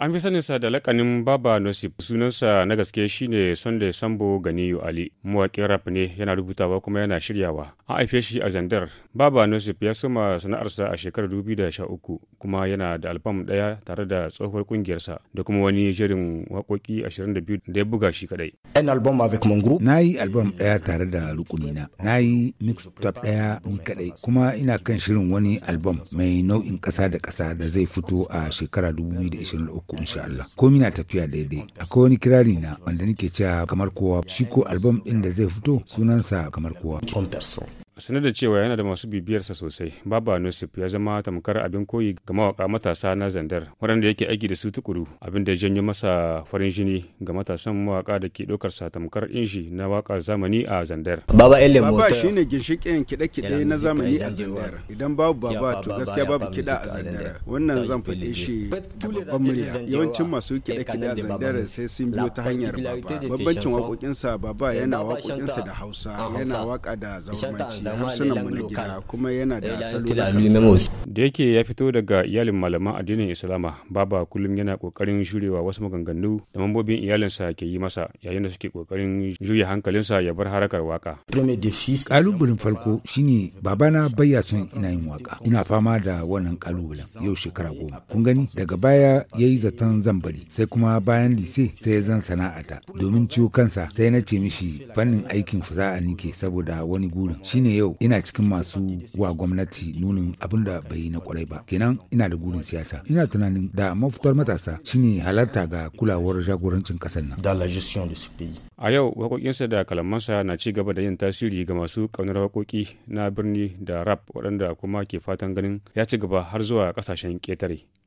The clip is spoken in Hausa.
An fi saninsa da lakanin Baba Nosif sunansa na gaske shine Sunday Sambo Ganiyu Ali, mawaƙin rap ne yana rubutawa kuma yana shiryawa. An haife shi a Zandar. Baba Nosif ya soma sana'arsa a shekarar 2013 kuma yana da alfam ɗaya tare da tsohuwar ƙungiyarsa da kuma wani jerin waƙoƙi 22 da ya buga shi kaɗai. An album avec mon Na yi album ɗaya tare da rukunina. Na yi mixtape ɗaya ni kaɗai kuma ina kan shirin wani album mai nau'in ƙasa da ƙasa da zai fito a shekara 2023. uku insha Allah komi na tafiya daidai akwai wani kirari na wanda nake cewa kamar kowa shi ko album din da zai fito sunansa kamar kowa sanar da cewa yana da masu bibiyarsa sosai baba nusuf ya zama tamkar abin koyi ga mawaka matasa na zandar waɗanda yake aiki da su tukuru abin da janyo masa farin jini ga matasan mawaka da ke ɗaukar sa tamkar inshi na wakar zamani a zandar baba ele baba shine ginshiƙin kiɗe-kiɗe na zamani a zandar idan babu baba to gaskiya babu kiɗa a zandar wannan zan faɗe shi babban murya yawancin masu kiɗe-kiɗe a zandar sai sun biyo ta hanyar baba babbancin waƙoƙinsa baba eh, yana waƙoƙinsa da hausa yana waƙa da zamanci da harsunanmu na gida yana da eh, saloli da yake ya fito daga iyalin malaman addinin islama baba kullum yana kokarin shirewa wasu maganganu da mambobin iyalinsa ke yi masa yayin da suke kokarin juya hankalinsa ya bar harakar waka kalubalen farko shine babana baya son ina yin waka ina fama da wannan kalubalen yau shekara goma kun gani daga baya ya yi zaton zan bari sai kuma bayan lise sai ya zan sana'ata domin ciwo kansa sai na ce mishi fannin aikin fuza'a nike saboda wani gurin shine yau ina cikin masu wa gwamnati nunin abin da bai yi na kwarai ba kenan ina da gurin siyasa ina tunanin da mafitar matasa shine halarta ga kulawar jagorancin kasar nan a yau waƙoƙinsa da kalamansa na ci gaba da yin tasiri ga masu ƙaunar waƙoƙi na birni da rap waɗanda kuma ke fatan ganin ya ci gaba har zuwa ƙasashen ƙetare